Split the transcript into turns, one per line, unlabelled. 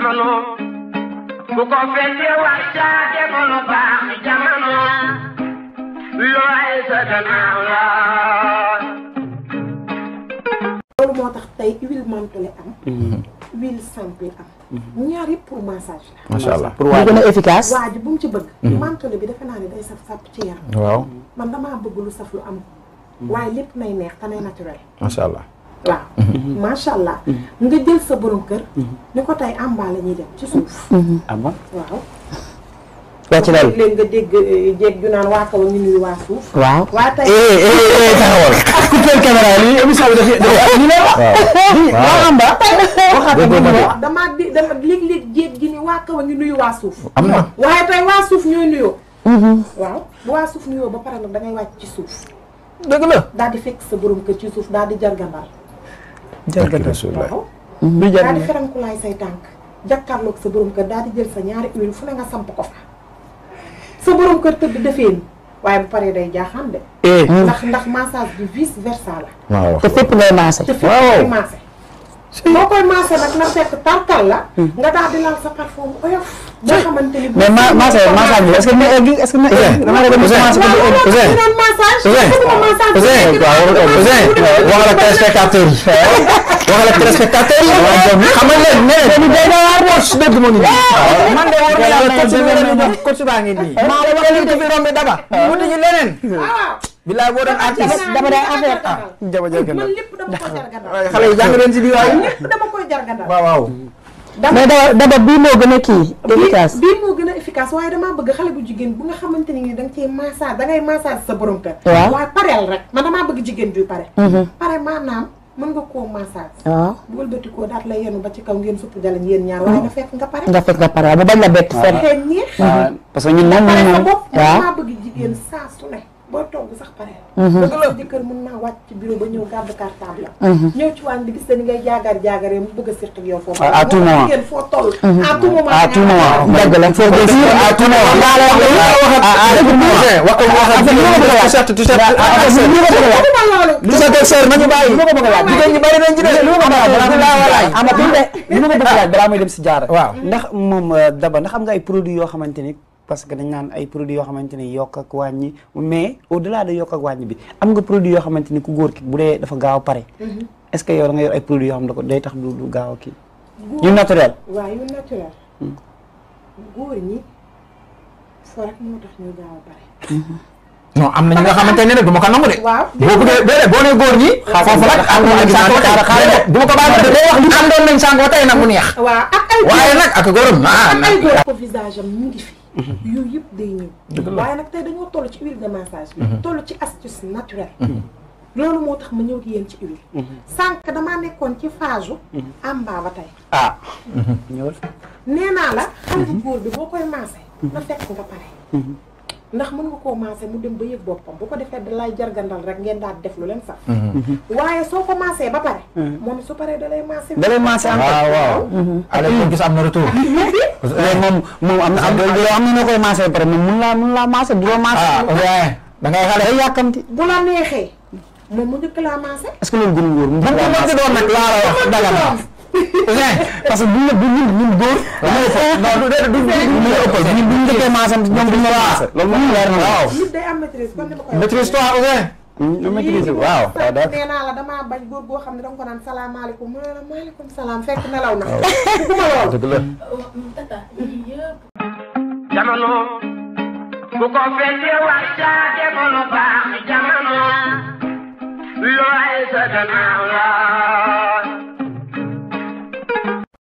loolu moo tax tey huile mantule am mhm. mhm. ñaar yëpp pour massage la macha allah pour waaj a efficace waaj bu mu ci bëgg mantule mhm. bi defe naa ne day saf sàpp ci yaram waaw man damaa bëgg lu saf lu am waaye lépp nay neex te nay naturel macha allah waaw mm-hmm. macha allah. Mm-hmm. nga jël sa borom kër. Mm-hmm. ni ko tey amba la dem ci suuf. amba waaw. wàcc nga dégg eh, jéeg ju naan waa kaw ñu gi ni waa am na waaye tey waa suuf ñooy nuyoo. waaw bu waa suuf nuyoo ba pare nag da ngay wàcc ci suuf. dëgg la daal di fekk sa borom kër ci suuf daal di jargambar jërëjëf rasulullah du jar daal di feranku laay say tànk jàkkaarloog sa borom kër daal di jël sa ñaari huile fu ne nga samp ko fa sa borom kër tëdd defeen waaye bu paree day jaaxaan de. Eh. ndax ndax massage bi vice versa la. te fépp ngay massé. te fépp ngay massé. boo koy maasee nag na fekk tartal la. Hmm. nga daal di lal sa parfum oyof. nga xamante ni mais ma maasee massage bi est-ce que dina egg est-ce que dina egg. dama dem massage bi egg Ousseyn Ousseyn waxal ak téléspectateur yi. waxal ak téléspectateur yi. xam nga leen nee nañu day day waar woote su dëgg moom it. man de war na yàlla coach baa ngi nii. maa ngi wax li dama. wuti ñu leneen. Ah. bilaay boo doon artiste dama day affaire ah jaba dama koy jar gànnaaw xale yi jàng si biir waaye lépp dama koy jar gànnaaw waaw waaw
mais daba daba bii moo
gën a waaye damaa bëgg xale bu jigéen bu nga xamante ni ni da nga cee massage da ngay sa borom kër waaw bëgg jigéen juy pare pare maanaam mën nga koo massage waaw bu koo daat la yenu ba ci kaw ngeen supp jalañ yéen ñaar waaye nga fekk nga pare nga fekk nga pare waaw bu bañ la bett fenn neex parce que ñun bëgg jigéen saa su boo togg sax pare. dëgg la jëkkër mën naa wàcc ci bureau ba ñëw gàddu cartable ñëw ci waan bi gis ni ngay jaagaar jaagaaree mu bëgg a seq yow foofu. à tout moment ngeen foo toll. à tout moment à tout moment. dëgg la foo gën à tout parce que dañ naan ay produits yoo xamante ni yokk ak wàññi mais au delà de yokk ak wàññi bi am nga produit yoo xamante ni ku góor ki bu dee dafa gaaw pare. Mm-hmm. est ce que yow da nga yor ay produits yoo xam ne ko day gaaw kii. yu naturel waaw mm. am nañ sànq ba tey du ma ko nag mu neex. waaye nag ak góoram ah nag ko visage am mu ngi fi. Mhm. yooyu yëpp day ñëw. waaye nag tey dañoo toll ci huile de massage. Mhm. toll ci astuce naturelle. Mhm. loolu moo tax ma ñëw ak yéen ci huile. sànq damaa nekkoon ci phase su. amba tey. ah. ñëwal naa la. xale bu góor bi boo koy massé. na fekk nga pare. ndax mën nga koo maase mu dem ba yëg boppam bu ko defee dalay jargandal rek ngeen daal def lu leen sax mm-hmm. mm-hmm. waaye soo ko maasee ba pare mm-hmm. moom su paree dalay maase dalay am ah, ah, gis am na retour eh, moom moom am na am na noo koy maasee pare moom mun laa mun laa maase du la maase ah, da ngay xale yàkkamti bu la neexee moom mu njëkk laa maase est loolu gën wóor mu njëkk maase doon nag laa la wax parce que buñ la buñ ñun góor. non du du buñ njëkkee maasam ñoom duñ loolu moom leer na waaw. nit day am maîtrise comme ni ma koy waxee. xam ne danga ko naan salaamaaleykum mu ne salaam fekk na. waaw dëgg bu ko war caa defal lu baax jamono. looy sa gannaaw la.